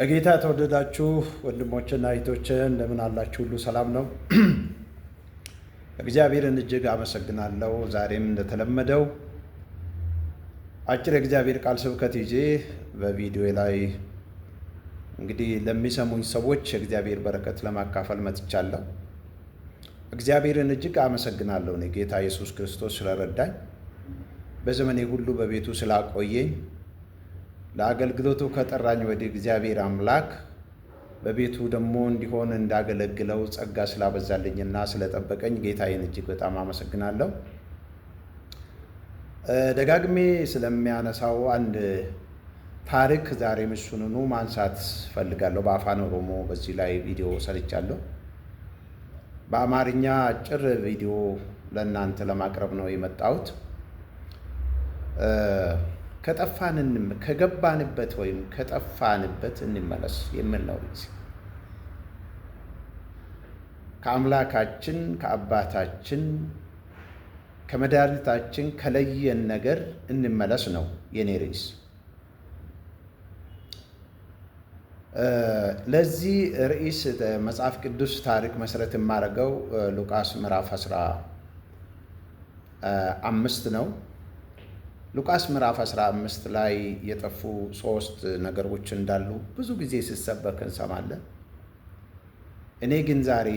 በጌታ የተወደዳችሁ ወንድሞችና እህቶች እንደምን አላችሁ? ሁሉ ሰላም ነው? እግዚአብሔርን እጅግ አመሰግናለሁ። ዛሬም እንደተለመደው አጭር የእግዚአብሔር ቃል ስብከት ይዤ በቪዲዮ ላይ እንግዲህ ለሚሰሙኝ ሰዎች የእግዚአብሔር በረከት ለማካፈል መጥቻለሁ። እግዚአብሔርን እጅግ አመሰግናለሁ። እኔ ጌታ ኢየሱስ ክርስቶስ ስለረዳኝ፣ በዘመኔ ሁሉ በቤቱ ስላቆየኝ ለአገልግሎቱ ከጠራኝ ወዲህ እግዚአብሔር አምላክ በቤቱ ደግሞ እንዲሆን እንዳገለግለው ጸጋ ስላበዛልኝና ስለጠበቀኝ ጌታዬን እጅግ በጣም አመሰግናለሁ። ደጋግሜ ስለሚያነሳው አንድ ታሪክ ዛሬ እሱንኑ ማንሳት ፈልጋለሁ። በአፋን ኦሮሞ በዚህ ላይ ቪዲዮ ሰርቻለሁ። በአማርኛ አጭር ቪዲዮ ለእናንተ ለማቅረብ ነው የመጣሁት። ከጠፋን ከገባንበት ወይም ከጠፋንበት እንመለስ የሚል ነው። ከአምላካችን ከአባታችን ከመድኃኒታችን ከለየን ነገር እንመለስ ነው የኔ ርዕስ። ለዚህ ርዕስ መጽሐፍ ቅዱስ ታሪክ መሰረት የማደርገው ሉቃስ ምዕራፍ አስራ አምስት ነው። ሉቃስ ምዕራፍ 15 ላይ የጠፉ ሶስት ነገሮች እንዳሉ ብዙ ጊዜ ሲሰበክ እንሰማለን። እኔ ግን ዛሬ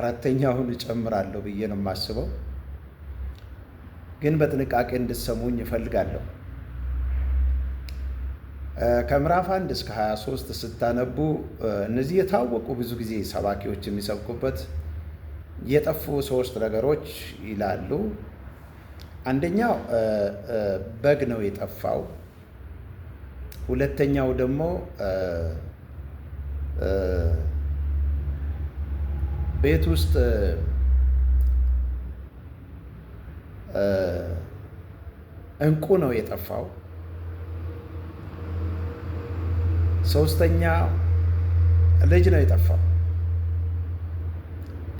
አራተኛውን እጨምራለሁ ብዬ ነው የማስበው። ግን በጥንቃቄ እንድትሰሙኝ እፈልጋለሁ። ከምዕራፍ አንድ እስከ 23 ስታነቡ እነዚህ የታወቁ ብዙ ጊዜ ሰባኪዎች የሚሰብኩበት የጠፉ ሶስት ነገሮች ይላሉ። አንደኛው በግ ነው የጠፋው። ሁለተኛው ደግሞ ቤት ውስጥ እንቁ ነው የጠፋው። ሶስተኛ ልጅ ነው የጠፋው።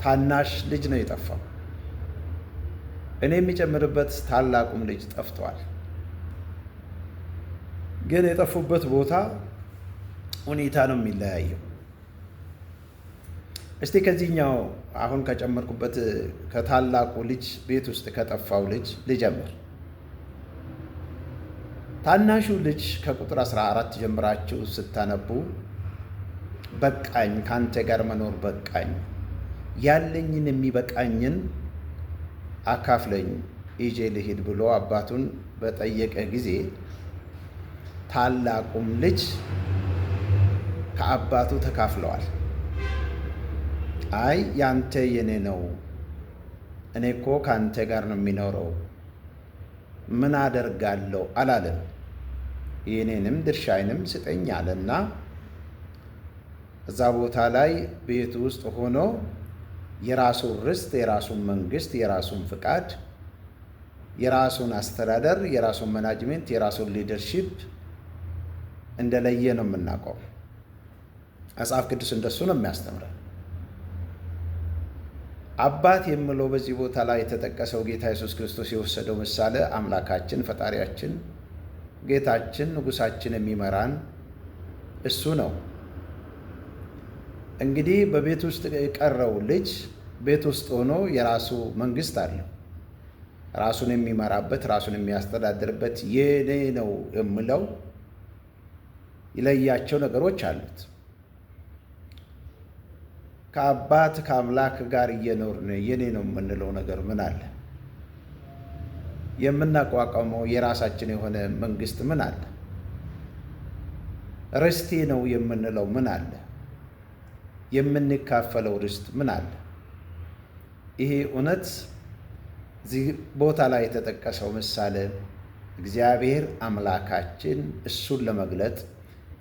ታናሽ ልጅ ነው የጠፋው። እኔ የሚጨምርበት ታላቁም ልጅ ጠፍቷል። ግን የጠፉበት ቦታ ሁኔታ ነው የሚለያየው። እስቲ ከዚህኛው አሁን ከጨመርኩበት ከታላቁ ልጅ ቤት ውስጥ ከጠፋው ልጅ ልጀምር። ታናሹ ልጅ ከቁጥር 14 ጀምራችሁ ስታነቡ በቃኝ፣ ከአንተ ጋር መኖር በቃኝ፣ ያለኝን የሚበቃኝን አካፍለኝ ይዤ ልሂድ ብሎ አባቱን በጠየቀ ጊዜ ታላቁም ልጅ ከአባቱ ተካፍለዋል። አይ ያንተ የኔ ነው፣ እኔ እኮ ከአንተ ጋር ነው የሚኖረው፣ ምን አደርጋለሁ አላለም። የኔንም ድርሻዬንም ስጠኝ አለና እዛ ቦታ ላይ ቤቱ ውስጥ ሆኖ የራሱን ርስት፣ የራሱን መንግስት፣ የራሱን ፍቃድ፣ የራሱን አስተዳደር፣ የራሱን መናጅሜንት፣ የራሱን ሊደርሺፕ እንደለየ ነው የምናውቀው። መጽሐፍ ቅዱስ እንደሱ ነው የሚያስተምረን። አባት የምለው በዚህ ቦታ ላይ የተጠቀሰው ጌታ ኢየሱስ ክርስቶስ የወሰደው ምሳሌ አምላካችን፣ ፈጣሪያችን፣ ጌታችን፣ ንጉሳችን የሚመራን እሱ ነው። እንግዲህ በቤት ውስጥ የቀረው ልጅ ቤት ውስጥ ሆኖ የራሱ መንግስት አለው። ራሱን የሚመራበት ራሱን የሚያስተዳድርበት የኔ ነው የምለው ይለያቸው ነገሮች አሉት። ከአባት ከአምላክ ጋር እየኖርን የኔ ነው የምንለው ነገር ምን አለ? የምናቋቋመው የራሳችን የሆነ መንግስት ምን አለ? ርስቴ ነው የምንለው ምን አለ? የምንካፈለው ርስት ምን አለ? ይሄ እውነት እዚህ ቦታ ላይ የተጠቀሰው ምሳሌ እግዚአብሔር አምላካችን እሱን ለመግለጥ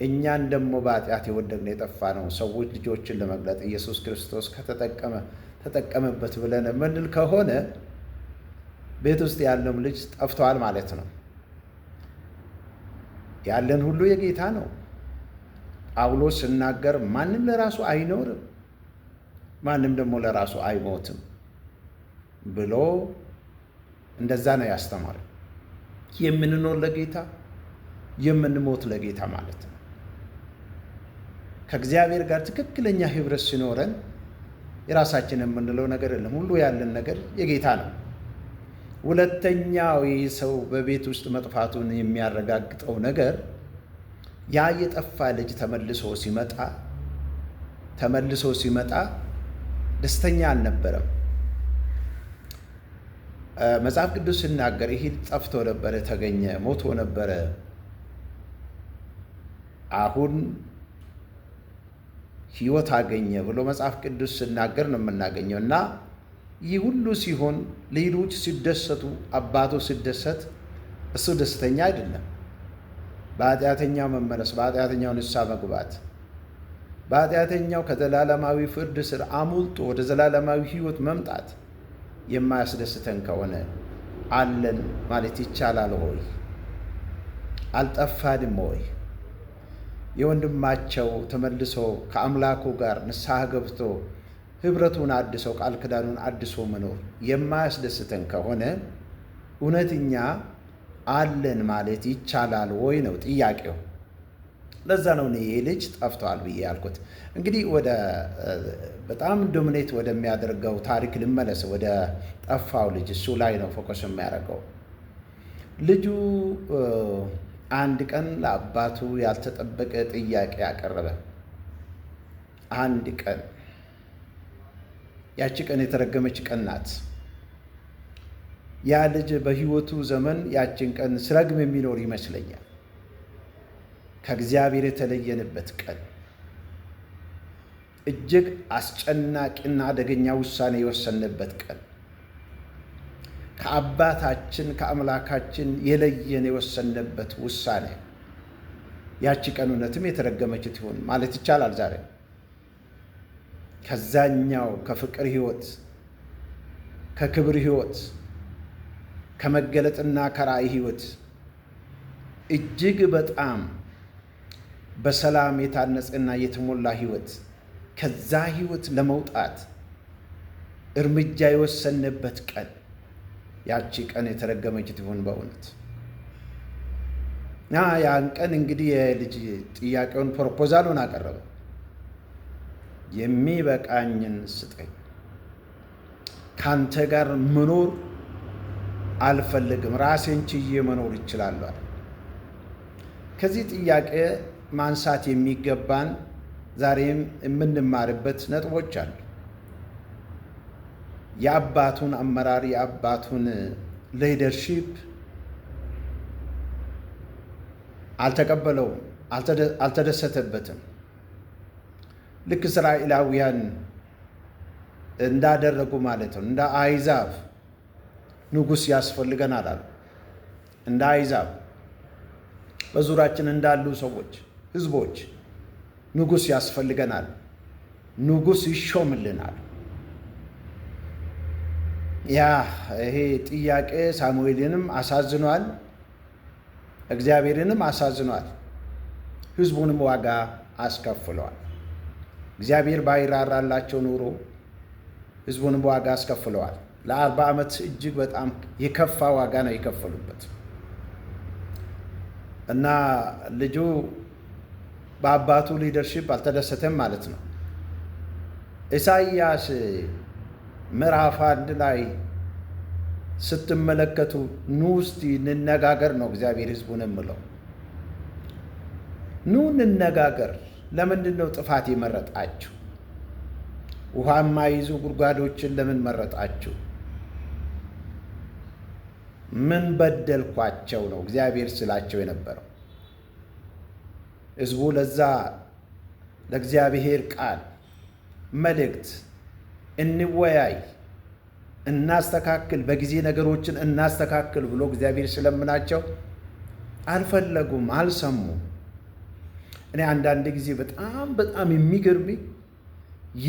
እኛን ደግሞ በኃጢአት የወደቅን የጠፋ ነው ሰዎች ልጆችን ለመግለጥ ኢየሱስ ክርስቶስ ከተጠቀመ ተጠቀመበት ብለን የምንል ከሆነ ቤት ውስጥ ያለውም ልጅ ጠፍተዋል ማለት ነው። ያለን ሁሉ የጌታ ነው። ጳውሎስ ስናገር ማንም ለራሱ አይኖርም፣ ማንም ደግሞ ለራሱ አይሞትም ብሎ እንደዛ ነው ያስተማረ። የምንኖር ለጌታ የምንሞት ለጌታ ማለት ነው። ከእግዚአብሔር ጋር ትክክለኛ ህብረት ሲኖረን የራሳችን የምንለው ነገር የለም። ሁሉ ያለን ነገር የጌታ ነው። ሁለተኛው ይህ ሰው በቤት ውስጥ መጥፋቱን የሚያረጋግጠው ነገር ያ የጠፋ ልጅ ተመልሶ ሲመጣ ተመልሶ ሲመጣ ደስተኛ አልነበረም። መጽሐፍ ቅዱስ ሲናገር ይህ ጠፍቶ ነበረ፣ ተገኘ፣ ሞቶ ነበረ፣ አሁን ሕይወት አገኘ ብሎ መጽሐፍ ቅዱስ ሲናገር ነው የምናገኘው። እና ይህ ሁሉ ሲሆን ሌሎች ሲደሰቱ፣ አባቱ ሲደሰት፣ እሱ ደስተኛ አይደለም። በኃጢአተኛው መመለስ፣ በኃጢአተኛው ንስሐ መግባት፣ በኃጢአተኛው ከዘላለማዊ ፍርድ ስር አሙልጦ ወደ ዘላለማዊ ህይወት መምጣት የማያስደስተን ከሆነ አለን ማለት ይቻላል ሆይ? አልጠፋንም ሆይ? የወንድማቸው ተመልሶ ከአምላኩ ጋር ንስሐ ገብቶ ህብረቱን አድሰው ቃል ክዳኑን አድሶ መኖር የማያስደስተን ከሆነ እውነትኛ አለን ማለት ይቻላል ወይ ነው ጥያቄው። ለዛ ነው እኔ ይሄ ልጅ ጠፍቷል ብዬ ያልኩት። እንግዲህ ወደ በጣም ዶሚኔት ወደሚያደርገው ታሪክ ልመለስ፣ ወደ ጠፋው ልጅ። እሱ ላይ ነው ፎከስ የሚያደርገው። ልጁ አንድ ቀን ለአባቱ ያልተጠበቀ ጥያቄ አቀረበ። አንድ ቀን ያቺ ቀን የተረገመች ቀን ናት። ያ ልጅ በሕይወቱ ዘመን ያችን ቀን ስረግም የሚኖር ይመስለኛል። ከእግዚአብሔር የተለየንበት ቀን እጅግ አስጨናቂና አደገኛ ውሳኔ የወሰንበት ቀን ከአባታችን ከአምላካችን የለየን የወሰንበት ውሳኔ ያቺ ቀን እውነትም የተረገመች ትሆን ማለት ይቻላል። ዛሬ ከዛኛው ከፍቅር ሕይወት ከክብር ሕይወት ከመገለጥና ከራእይ ህይወት እጅግ በጣም በሰላም የታነጸና የተሞላ ህይወት ከዛ ህይወት ለመውጣት እርምጃ የወሰንበት ቀን ያቺ ቀን የተረገመች ትሆን በእውነት እና ያን ቀን እንግዲህ የልጅ ጥያቄውን ፕሮፖዛሉን አቀረበ። የሚበቃኝን ስጠኝ፣ ካንተ ጋር መኖር አልፈልግም፣ ራሴን ችዬ መኖር ይችላል። ከዚህ ጥያቄ ማንሳት የሚገባን ዛሬም የምንማርበት ነጥቦች አሉ። የአባቱን አመራር የአባቱን ሊደርሺፕ አልተቀበለውም፣ አልተደሰተበትም። ልክ እስራኤላውያን እንዳደረጉ ማለት ነው እንደ አይዛብ ንጉሥ ያስፈልገናል አሉ። እንደ አይዛብ በዙሪያችን እንዳሉ ሰዎች፣ ህዝቦች ንጉሥ ያስፈልገናል፣ ንጉሥ ይሾምልናል። ያ ይሄ ጥያቄ ሳሙኤልንም አሳዝኗል፣ እግዚአብሔርንም አሳዝኗል፣ ህዝቡንም ዋጋ አስከፍለዋል። እግዚአብሔር ባይራራላቸው ኑሮ ህዝቡንም ዋጋ አስከፍለዋል። ለአርባ ዓመት እጅግ በጣም የከፋ ዋጋ ነው የከፈሉበት እና ልጁ በአባቱ ሊደርሽፕ አልተደሰተም ማለት ነው። ኢሳይያስ ምዕራፍ አንድ ላይ ስትመለከቱ ኑ ውስጥ እንነጋገር ነው እግዚአብሔር ህዝቡን የምለው ኑ እንነጋገር። ለምንድን ነው ጥፋት የመረጣችሁ? ውሃ የማይይዙ ጉድጓዶችን ለምን መረጣችሁ? ምን በደልኳቸው ነው እግዚአብሔር ስላቸው የነበረው። ህዝቡ ለዛ ለእግዚአብሔር ቃል መልእክት እንወያይ፣ እናስተካክል፣ በጊዜ ነገሮችን እናስተካክል ብሎ እግዚአብሔር ስለምናቸው አልፈለጉም፣ አልሰሙም። እኔ አንዳንድ ጊዜ በጣም በጣም የሚገርሚ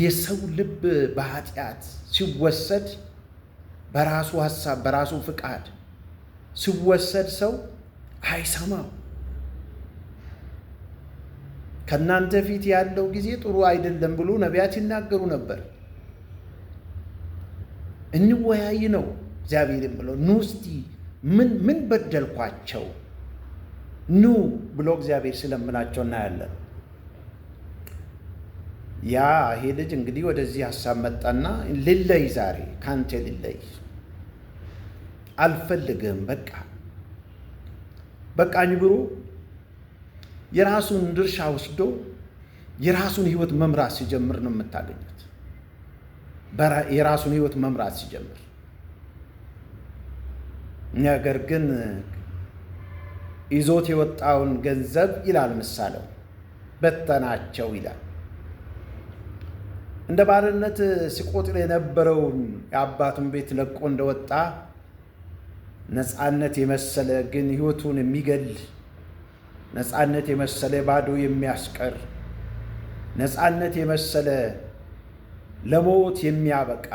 የሰው ልብ በኃጢአት ሲወሰድ በራሱ ሀሳብ በራሱ ፍቃድ ሲወሰድ ሰው አይሰማም። ከእናንተ ፊት ያለው ጊዜ ጥሩ አይደለም ብሎ ነቢያት ይናገሩ ነበር። እንወያይ ነው እግዚአብሔርም ብለው ኑ እስቲ ምን ምን በደልኳቸው ኑ ብሎ እግዚአብሔር ስለምላቸው እናያለን። ያ ይሄ ልጅ እንግዲህ ወደዚህ ሀሳብ መጣና ልለይ ዛሬ ከአንተ ልለይ አልፈልግም በቃ በቃኝ ብሎ የራሱን ድርሻ ወስዶ የራሱን ህይወት መምራት ሲጀምር ነው የምታገኙት። የራሱን ህይወት መምራት ሲጀምር ነገር ግን ይዞት የወጣውን ገንዘብ ይላል ምሳሌው በተናቸው ይላል። እንደ ባርነት ሲቆጥር የነበረውን የአባቱን ቤት ለቆ እንደወጣ ነፃነት የመሰለ ግን ህይወቱን የሚገል ነፃነት የመሰለ ባዶ የሚያስቀር ነፃነት የመሰለ ለሞት የሚያበቃ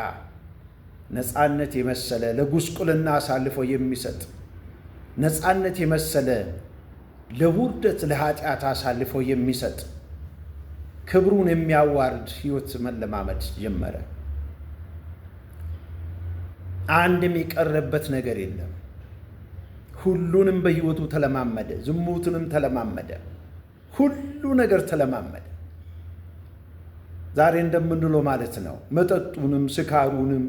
ነፃነት የመሰለ ለጉስቁልና አሳልፎ የሚሰጥ ነፃነት የመሰለ ለውርደት ለኃጢአት አሳልፎ የሚሰጥ ክብሩን የሚያዋርድ ህይወት መለማመድ ጀመረ። አንድም የቀረበት ነገር የለም። ሁሉንም በህይወቱ ተለማመደ። ዝሙቱንም ተለማመደ። ሁሉ ነገር ተለማመደ። ዛሬ እንደምንለው ማለት ነው። መጠጡንም፣ ስካሩንም፣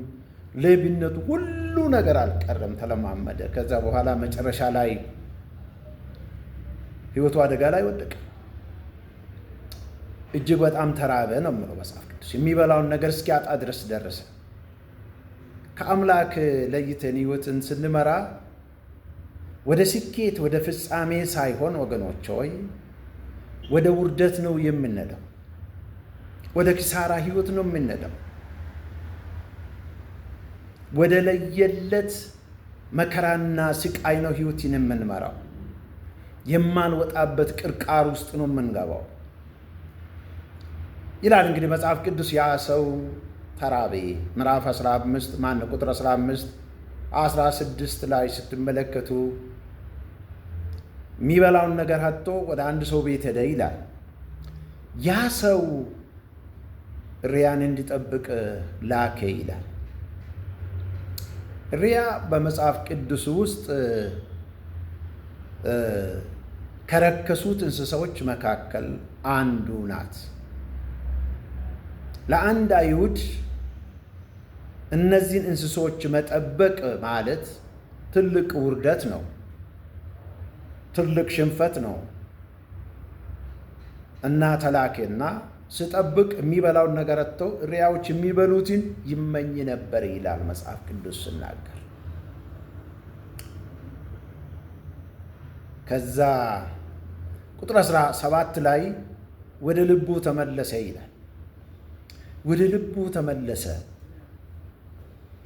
ሌብነቱ ሁሉ ነገር አልቀረም፣ ተለማመደ። ከዛ በኋላ መጨረሻ ላይ ህይወቱ አደጋ ላይ ወደቀ። እጅግ በጣም ተራበ ነው የምለው መጽሐፍ ቅዱስ። የሚበላውን ነገር እስኪያጣ ድረስ ደረሰ። ከአምላክ ለይተን ህይወትን ስንመራ ወደ ስኬት ወደ ፍጻሜ ሳይሆን ወገኖች ሆይ ወደ ውርደት ነው የምንነዳው። ወደ ኪሳራ ህይወት ነው የምንነዳው። ወደ ለየለት መከራና ስቃይ ነው ህይወትን የምንመራው። የማንወጣበት ቅርቃር ውስጥ ነው የምንገባው ይላል እንግዲህ መጽሐፍ ቅዱስ። ያ ሰው ተራቤ ምዕራፍ 15 ማን ቁጥር 15 16 ላይ ስትመለከቱ የሚበላውን ነገር አጥቶ ወደ አንድ ሰው ቤት ሄደ ይላል። ያ ሰው ሪያን እንዲጠብቅ ላከ ይላል። ሪያ በመጽሐፍ ቅዱስ ውስጥ ከረከሱት እንስሳዎች መካከል አንዱ ናት። ለአንድ አይሁድ እነዚህን እንስሳዎች መጠበቅ ማለት ትልቅ ውርደት ነው። ትልቅ ሽንፈት ነው እና ተላኬና ስጠብቅ የሚበላውን ነገር አጥተው እሪያዎች የሚበሉትን ይመኝ ነበር ይላል መጽሐፍ ቅዱስ ስናገር። ከዛ ቁጥር አስራ ሰባት ላይ ወደ ልቡ ተመለሰ ይላል። ወደ ልቡ ተመለሰ።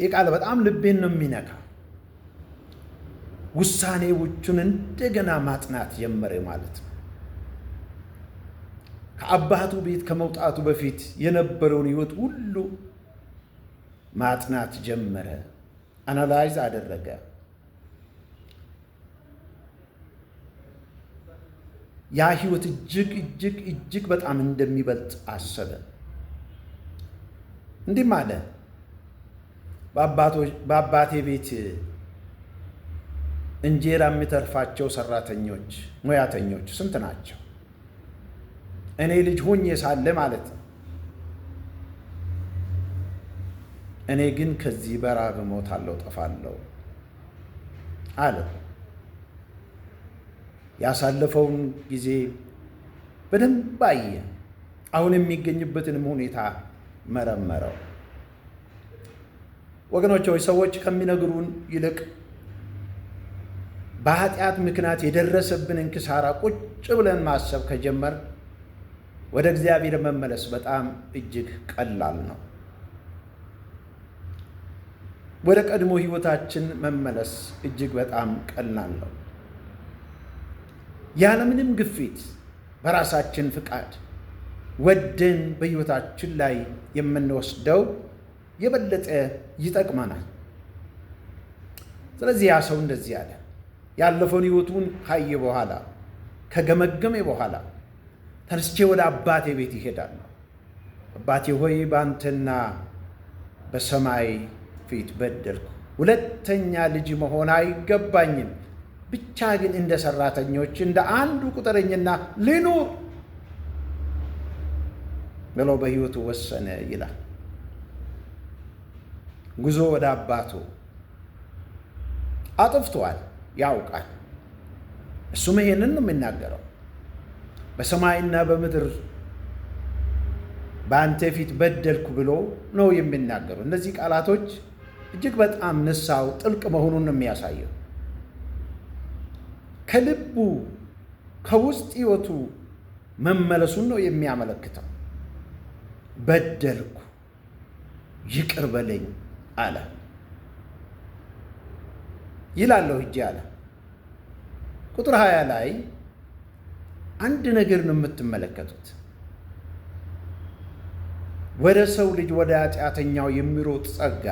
ይህ ቃል በጣም ልቤን ነው የሚነካ ውሳኔዎቹን እንደገና ማጥናት ጀመረ ማለት ነው። ከአባቱ ቤት ከመውጣቱ በፊት የነበረውን ሕይወት ሁሉ ማጥናት ጀመረ። አናላይዝ አደረገ። ያ ሕይወት እጅግ እጅግ እጅግ በጣም እንደሚበልጥ አሰበ። እንዲህም አለ በአባቴ ቤት እንጀራ የሚተርፋቸው ሰራተኞች ሙያተኞች ስንት ናቸው? እኔ ልጅ ሆኜ ሳለ ማለት ነው። እኔ ግን ከዚህ በራብ እሞታለሁ፣ ጠፋለሁ አለ። ያሳለፈውን ጊዜ በደንብ አየ። አሁን የሚገኝበትንም ሁኔታ መረመረው። ወገኖች ሰዎች ከሚነግሩን ይልቅ በኃጢአት ምክንያት የደረሰብንን እንክሳራ ቁጭ ብለን ማሰብ ከጀመር ወደ እግዚአብሔር መመለስ በጣም እጅግ ቀላል ነው። ወደ ቀድሞ ሕይወታችን መመለስ እጅግ በጣም ቀላል ነው። ያለምንም ግፊት በራሳችን ፍቃድ ወደን በሕይወታችን ላይ የምንወስደው የበለጠ ይጠቅመናል። ስለዚህ ያ ሰው እንደዚህ አለ። ያለፈውን ህይወቱን ካየ በኋላ ከገመገሜ በኋላ ተነስቼ ወደ አባቴ ቤት ይሄዳል። አባቴ ሆይ በአንተና በሰማይ ፊት በደልኩ፣ ሁለተኛ ልጅ መሆን አይገባኝም። ብቻ ግን እንደ ሰራተኞች እንደ አንዱ ቁጥረኝና ልኑር ብሎ በህይወቱ ወሰነ ይላል። ጉዞ ወደ አባቱ አጥፍቷል። ያውቃል። እሱም ይሄንን ነው የሚናገረው። በሰማይና በምድር በአንተ ፊት በደልኩ ብሎ ነው የሚናገረው። እነዚህ ቃላቶች እጅግ በጣም ንሳው ጥልቅ መሆኑን ነው የሚያሳየው። ከልቡ ከውስጥ ሕይወቱ መመለሱን ነው የሚያመለክተው። በደልኩ ይቅር በለኝ አለ። ይላለሁ ሂጄ አለ። ቁጥር ሀያ ላይ አንድ ነገር ነው የምትመለከቱት። ወደ ሰው ልጅ ወደ ኃጢአተኛው የሚሮጥ ጸጋ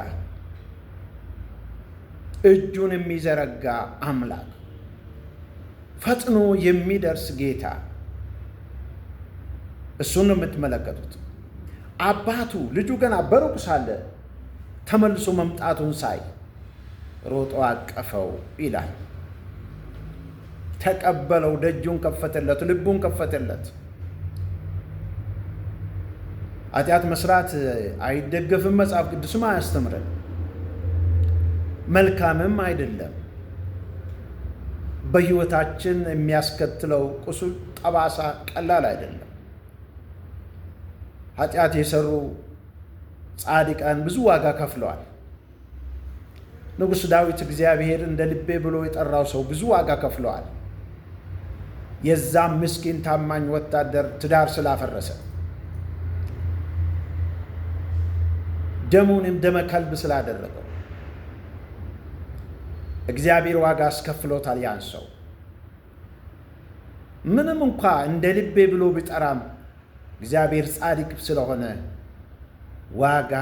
እጁን የሚዘረጋ አምላክ ፈጥኖ የሚደርስ ጌታ እሱን ነው የምትመለከቱት። አባቱ ልጁ ገና በሩቅ ሳለ ተመልሶ መምጣቱን ሳይ ሮጦ አቀፈው ይላል። ተቀበለው፣ ደጁን ከፈተለት፣ ልቡን ከፈተለት። ኃጢአት መስራት አይደገፍም፣ መጽሐፍ ቅዱስም አያስተምረን፣ መልካምም አይደለም። በህይወታችን የሚያስከትለው ቁስል ጠባሳ ቀላል አይደለም። ኃጢአት የሰሩ ጻድቃን ብዙ ዋጋ ከፍለዋል። ንጉሥ ዳዊት እግዚአብሔር እንደ ልቤ ብሎ የጠራው ሰው ብዙ ዋጋ ከፍለዋል። የዛም ምስኪን ታማኝ ወታደር ትዳር ስላፈረሰ ደሙንም ደመ ከልብ ስላደረገው እግዚአብሔር ዋጋ አስከፍሎታል። ያን ሰው ምንም እንኳ እንደ ልቤ ብሎ ቢጠራም እግዚአብሔር ጻድቅ ስለሆነ ዋጋ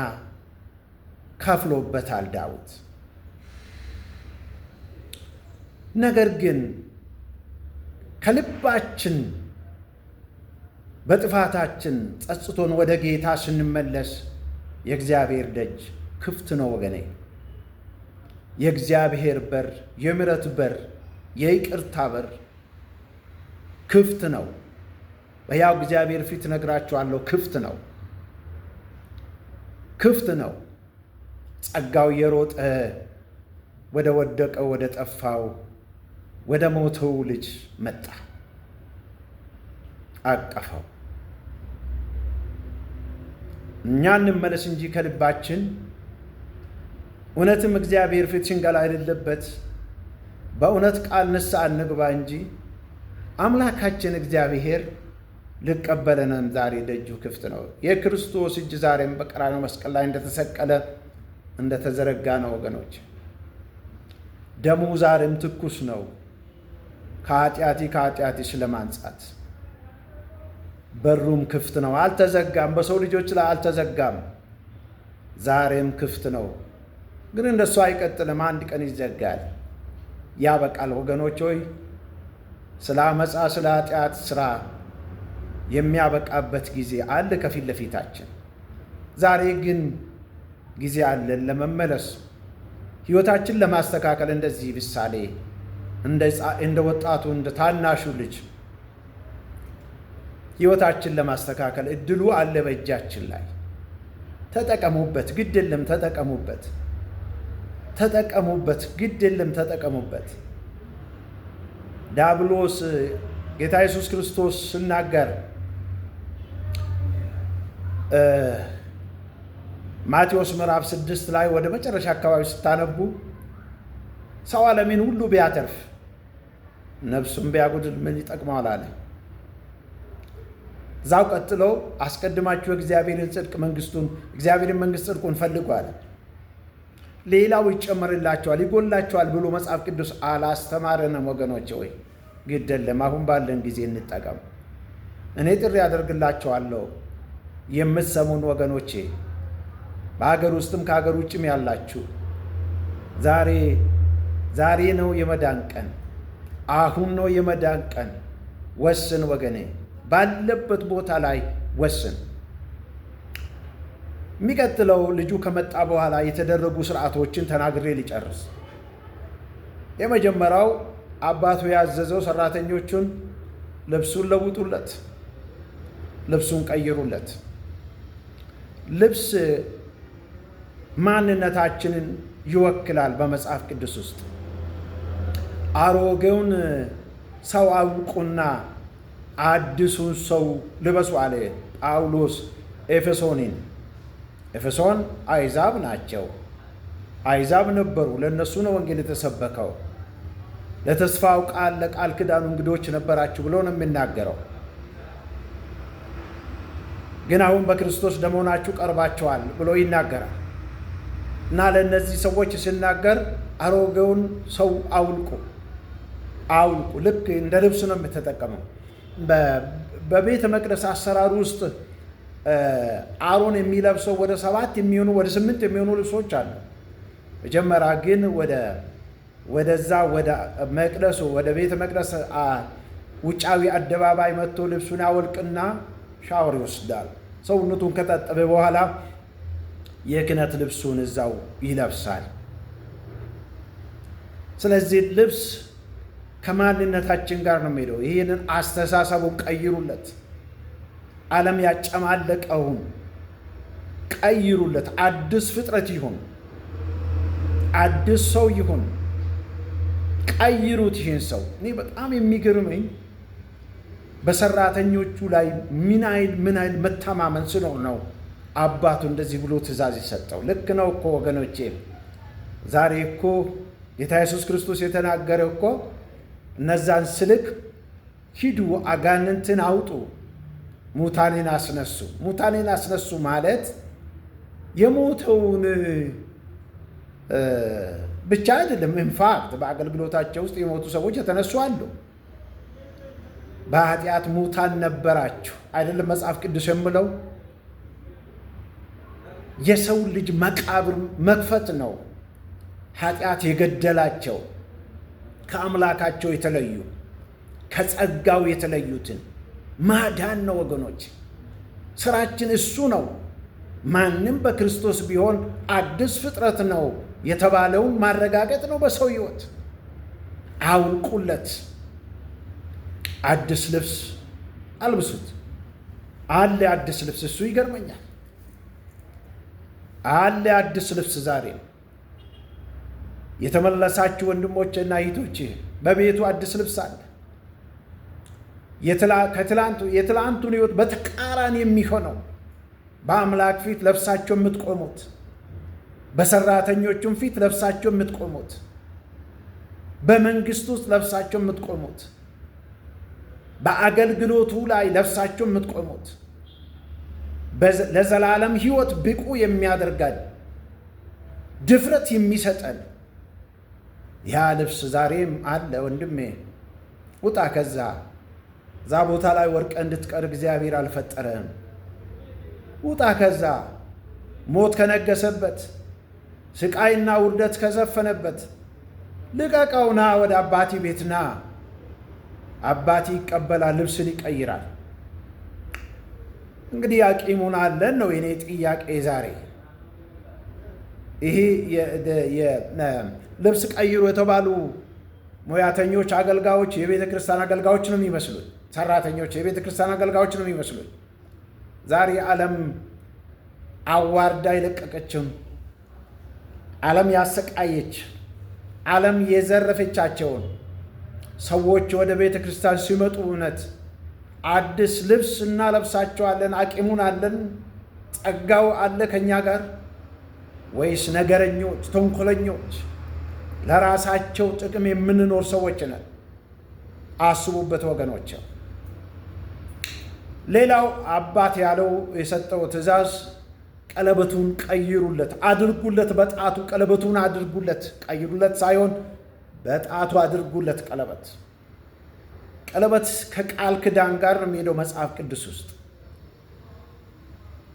ከፍሎበታል ዳዊት። ነገር ግን ከልባችን በጥፋታችን ጸጽቶን ወደ ጌታ ስንመለስ የእግዚአብሔር ደጅ ክፍት ነው ወገኔ። የእግዚአብሔር በር፣ የምሕረት በር፣ የይቅርታ በር ክፍት ነው። በያው እግዚአብሔር ፊት ነግራችኋለሁ፣ ክፍት ነው፣ ክፍት ነው። ጸጋው የሮጠ ወደ ወደቀው ወደ ጠፋው ወደ ሞተው ልጅ መጣ፣ አቀፈው። እኛ እንመለስ እንጂ ከልባችን እውነትም እግዚአብሔር ፊት ሽንገላ አይደለበት። በእውነት ቃል ንስሐ እንግባ እንጂ አምላካችን እግዚአብሔር ሊቀበለንም ዛሬ ደጁ ክፍት ነው። የክርስቶስ እጅ ዛሬም በቀራንዮ መስቀል ላይ እንደተሰቀለ እንደተዘረጋ ነው ወገኖች። ደሙ ዛሬም ትኩስ ነው። ከኃጢአቲ ከኃጢአትሽ ስለማንጻት በሩም ክፍት ነው፣ አልተዘጋም። በሰው ልጆች ላይ አልተዘጋም፣ ዛሬም ክፍት ነው። ግን እንደሱ አይቀጥልም። አንድ ቀን ይዘጋል፣ ያበቃል። ወገኖች ሆይ ስለ አመፃ ስለ ኃጢአት ስራ የሚያበቃበት ጊዜ አለ ከፊት ለፊታችን። ዛሬ ግን ጊዜ አለን ለመመለስ፣ ህይወታችን ለማስተካከል። እንደዚህ ምሳሌ እንደ ወጣቱ እንደ ታናሹ ልጅ ህይወታችን ለማስተካከል እድሉ አለ በእጃችን ላይ። ተጠቀሙበት፣ ግድ የለም ተጠቀሙበት፣ ተጠቀሙበት፣ ግድ የለም ተጠቀሙበት። ዳብሎስ ጌታ ኢየሱስ ክርስቶስ ሲናገር ማቴዎስ ምዕራፍ ስድስት ላይ ወደ መጨረሻ አካባቢ ስታነቡ ሰው ዓለሜን ሁሉ ቢያተርፍ ነፍሱን ቢያጎድል ምን ይጠቅመዋል አለ። እዛው ቀጥሎ አስቀድማችሁ እግዚአብሔርን ጽድቅ መንግስቱን እግዚአብሔርን መንግስት ጽድቁን ፈልጉ አለ። ሌላው ይጨመርላቸዋል ይጎላቸዋል ብሎ መጽሐፍ ቅዱስ አላስተማረንም። ወገኖች ወይ ግደለም አሁን ባለን ጊዜ እንጠቀም። እኔ ጥሪ ያደርግላቸዋለሁ የምትሰሙን ወገኖቼ፣ በሀገር ውስጥም ከሀገር ውጭም ያላችሁ ዛሬ ዛሬ ነው የመዳን ቀን። አሁን ነው የመዳን ቀን። ወስን ወገኔ፣ ባለበት ቦታ ላይ ወስን። የሚቀጥለው ልጁ ከመጣ በኋላ የተደረጉ ስርዓቶችን ተናግሬ ሊጨርስ። የመጀመሪያው አባቱ ያዘዘው ሰራተኞቹን ልብሱን ለውጡለት፣ ልብሱን ቀይሩለት። ልብስ ማንነታችንን ይወክላል በመጽሐፍ ቅዱስ ውስጥ አሮጌውን ሰው አውልቁና አዲሱን ሰው ልበሱ አለ ጳውሎስ ኤፌሶንን። ኤፌሶን አይዛብ ናቸው፣ አይዛብ ነበሩ። ለእነሱ ነው ወንጌል የተሰበከው። ለተስፋው ቃል ለቃል ኪዳኑ እንግዶች ነበራችሁ ብሎ ነው የሚናገረው። ግን አሁን በክርስቶስ ለመሆናችሁ ቀርባቸዋል ብሎ ይናገራል። እና ለእነዚህ ሰዎች ሲናገር አሮጌውን ሰው አውልቁ አውልቁ። ልክ እንደ ልብስ ነው የምትጠቀመው። በቤተ መቅደስ አሰራር ውስጥ አሮን የሚለብሰው ወደ ሰባት የሚሆኑ ወደ ስምንት የሚሆኑ ልብሶች አሉ። መጀመሪያ ግን ወደ ወደዛ ወደ መቅደሱ ወደ ቤተ መቅደስ ውጫዊ አደባባይ መጥቶ ልብሱን ያወልቅና ሻወር ይወስዳል። ሰውነቱን ከጠጠበ በኋላ የክህነት ልብሱን እዛው ይለብሳል። ስለዚህ ልብስ ከማንነታችን ጋር ነው የሚሄደው። ይህንን አስተሳሰቡን ቀይሩለት። ዓለም ያጨማለቀውን ቀይሩለት። አዲስ ፍጥረት ይሁን፣ አዲስ ሰው ይሁን። ቀይሩት ይህን ሰው። እኔ በጣም የሚገርመኝ በሰራተኞቹ ላይ ምን አይል ምን አይል መተማመን ስኖ ነው አባቱ እንደዚህ ብሎ ትእዛዝ የሰጠው። ልክ ነው እኮ ወገኖቼ፣ ዛሬ እኮ ጌታ ኢየሱስ ክርስቶስ የተናገረ እኮ እነዛን ስልክ ሂዱ አጋንንትን አውጡ፣ ሙታኔን አስነሱ። ሙታኔን አስነሱ ማለት የሞተውን ብቻ አይደለም። ኢንፋክት በአገልግሎታቸው ውስጥ የሞቱ ሰዎች የተነሱ አሉ። በኃጢአት ሙታን ነበራችሁ አይደለም መጽሐፍ ቅዱስ የምለው የሰው ልጅ መቃብር መክፈት ነው ኃጢአት የገደላቸው ከአምላካቸው የተለዩ ከጸጋው የተለዩትን ማዳን ነው ወገኖች። ስራችን እሱ ነው። ማንም በክርስቶስ ቢሆን አዲስ ፍጥረት ነው የተባለውን ማረጋገጥ ነው በሰው ህይወት አውቁለት፣ አዲስ ልብስ አልብሱት አለ። አዲስ ልብስ እሱ ይገርመኛል አለ። አዲስ ልብስ ዛሬ የተመለሳችሁ ወንድሞችና ይቶች በቤቱ አዲስ ልብስ አለ። ከትላንቱ የትላንቱን ህይወት በተቃራኒ የሚሆነው በአምላክ ፊት ለብሳቸው የምትቆሙት፣ በሰራተኞቹም ፊት ለብሳቸው የምትቆሙት፣ በመንግስት ውስጥ ለብሳቸው የምትቆሙት፣ በአገልግሎቱ ላይ ለብሳቸው የምትቆሙት ለዘላለም ህይወት ብቁ የሚያደርጋል ድፍረት የሚሰጠን ያ ልብስ ዛሬም አለ ወንድሜ፣ ውጣ ከዛ እዛ ቦታ ላይ ወርቀ እንድትቀር እግዚአብሔር አልፈጠረህም። ውጣ ከዛ ሞት ከነገሰበት ስቃይና ውርደት ከዘፈነበት ልቀቀውና ወደ አባቲ ቤትና አባቲ ይቀበላል፣ ልብስን ይቀይራል። እንግዲህ አቂሙን አለን ነው የኔ ጥያቄ ዛሬ። ይሄ ልብስ ቀይሩ የተባሉ ሙያተኞች አገልጋዮች የቤተ ክርስቲያን አገልጋዮች ነው የሚመስሉት። ሰራተኞች የቤተ ክርስቲያን አገልጋዮች ነው የሚመስሉት። ዛሬ ዓለም አዋርዳ የለቀቀችም፣ ዓለም ያሰቃየች፣ ዓለም የዘረፈቻቸውን ሰዎች ወደ ቤተ ክርስቲያን ሲመጡ እውነት አዲስ ልብስ እናለብሳቸዋለን፣ አቂሙን አለን፣ ጸጋው አለ ከእኛ ጋር ወይስ ነገረኞች፣ ተንኮለኞች፣ ለራሳቸው ጥቅም የምንኖር ሰዎች ነን? አስቡበት ወገኖች። ሌላው አባት ያለው የሰጠው ትእዛዝ ቀለበቱን ቀይሩለት፣ አድርጉለት። በጣቱ ቀለበቱን አድርጉለት፣ ቀይሩለት ሳይሆን በጣቱ አድርጉለት። ቀለበት ቀለበት ከቃል ክዳን ጋር ነው የሚሄደው መጽሐፍ ቅዱስ ውስጥ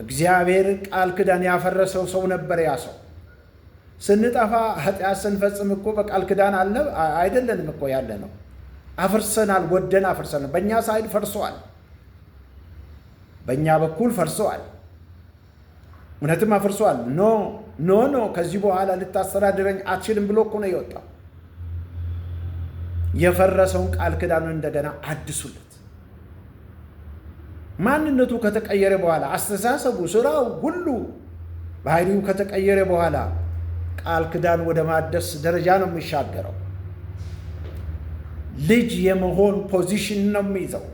እግዚአብሔር ቃል ክዳን ያፈረሰው ሰው ነበር። ያ ሰው ስንጠፋ ኃጢአት ስንፈጽም እኮ በቃል ክዳን አለ አይደለንም እኮ ያለ ነው። አፍርሰናል፣ ወደን አፍርሰናል። በእኛ ሳይድ ፈርሰዋል፣ በእኛ በኩል ፈርሰዋል። እውነትም አፍርሰዋል። ኖ ኖ ኖ ከዚህ በኋላ ልታስተዳድረኝ አትችልም ብሎ እኮ ነው የወጣው። የፈረሰውን ቃል ክዳኑ እንደገና አድሱለት። ማንነቱ ከተቀየረ በኋላ አስተሳሰቡ፣ ስራው ሁሉ ባህሪው ከተቀየረ በኋላ ቃል ክዳን ወደ ማደስ ደረጃ ነው የሚሻገረው። ልጅ የመሆን ፖዚሽን ነው የሚይዘው።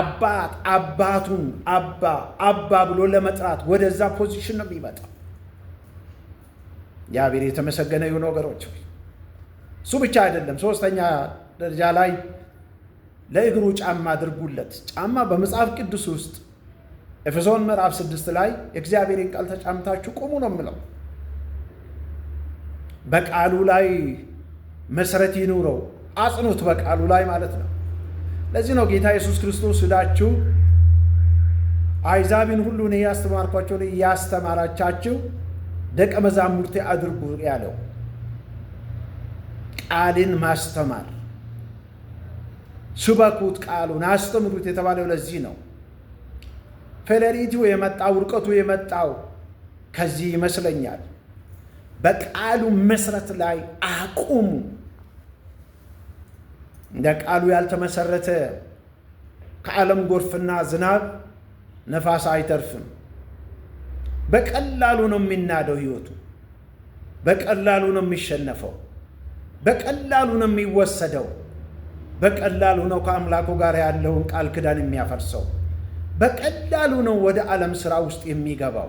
አባት አባቱን አባ አባ ብሎ ለመጥራት ወደዛ ፖዚሽን ነው የሚመጣው። እግዚአብሔር የተመሰገነ ይሁን ወገኖች። እሱ ብቻ አይደለም፣ ሶስተኛ ደረጃ ላይ ለእግሩ ጫማ አድርጉለት። ጫማ በመጽሐፍ ቅዱስ ውስጥ ኤፌሶን ምዕራፍ ስድስት ላይ የእግዚአብሔርን ቃል ተጫምታችሁ ቁሙ ነው የምለው። በቃሉ ላይ መሰረት ይኑረው፣ አጽኑት፣ በቃሉ ላይ ማለት ነው። ለዚህ ነው ጌታ ኢየሱስ ክርስቶስ ሂዳችሁ አይዛብን ሁሉ እኔ ያስተማርኳቸውን እያስተማራቻችሁ ደቀ መዛሙርቴ አድርጉ ያለው ቃልን ማስተማር ስበኩት፣ ቃሉን አስተምሩት የተባለው ለዚህ ነው። ፌለሪቲው የመጣው ውድቀቱ የመጣው ከዚህ ይመስለኛል። በቃሉ መሰረት ላይ አቁሙ። እንደ ቃሉ ያልተመሰረተ ከዓለም ጎርፍና ዝናብ ነፋስ አይተርፍም። በቀላሉ ነው የሚናደው ህይወቱ። በቀላሉ ነው የሚሸነፈው። በቀላሉ ነው የሚወሰደው። በቀላሉ ነው ከአምላኩ ጋር ያለውን ቃል ክዳን የሚያፈርሰው። በቀላሉ ነው ወደ ዓለም ሥራ ውስጥ የሚገባው።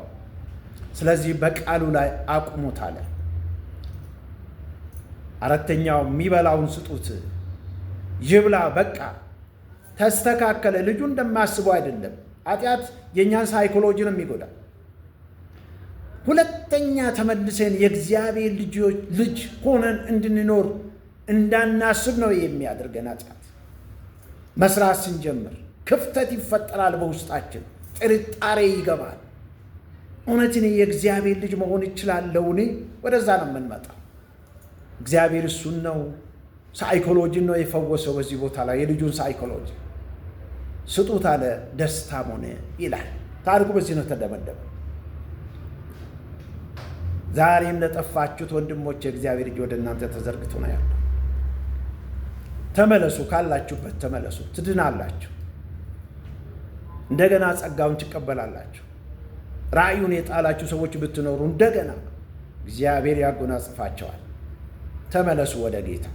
ስለዚህ በቃሉ ላይ አቁሙት አለ። አራተኛው የሚበላውን ስጡት፣ ይብላ። በቃ ተስተካከለ። ልጁ እንደማያስበው አይደለም። ኃጢአት የእኛን ሳይኮሎጂ ነው የሚጎዳ። ሁለተኛ ተመልሰን የእግዚአብሔር ልጅ ሆነን እንድንኖር እንዳናስብ ነው የሚያደርገን ኃጢአት። መስራት ስንጀምር ክፍተት ይፈጠራል በውስጣችን፣ ጥርጣሬ ይገባል። እውነትን የእግዚአብሔር ልጅ መሆን እችላለሁን? ወደዛ ነው የምንመጣው። እግዚአብሔር እሱን ነው ሳይኮሎጂን ነው የፈወሰው። በዚህ ቦታ ላይ የልጁን ሳይኮሎጂ ስጡት አለ፣ ደስታም ሆነ ይላል ታሪኩ። በዚህ ነው ተደመደመ። ዛሬም ለጠፋችሁት ወንድሞች የእግዚአብሔር እጅ ወደ እናንተ ተዘርግቶ ነው ያለ። ተመለሱ፣ ካላችሁበት ተመለሱ፣ ትድናላችሁ። እንደገና ጸጋውን ትቀበላላችሁ። ራእዩን የጣላችሁ ሰዎች ብትኖሩ እንደገና እግዚአብሔር ያጎናጽፋቸዋል። ተመለሱ ወደ ጌታ።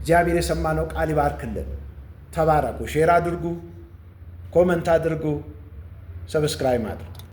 እግዚአብሔር የሰማነው ቃል ይባርክልን። ተባረኩ። ሼር አድርጉ፣ ኮመንት አድርጉ፣ ሰብስክራይብ አድርጉ።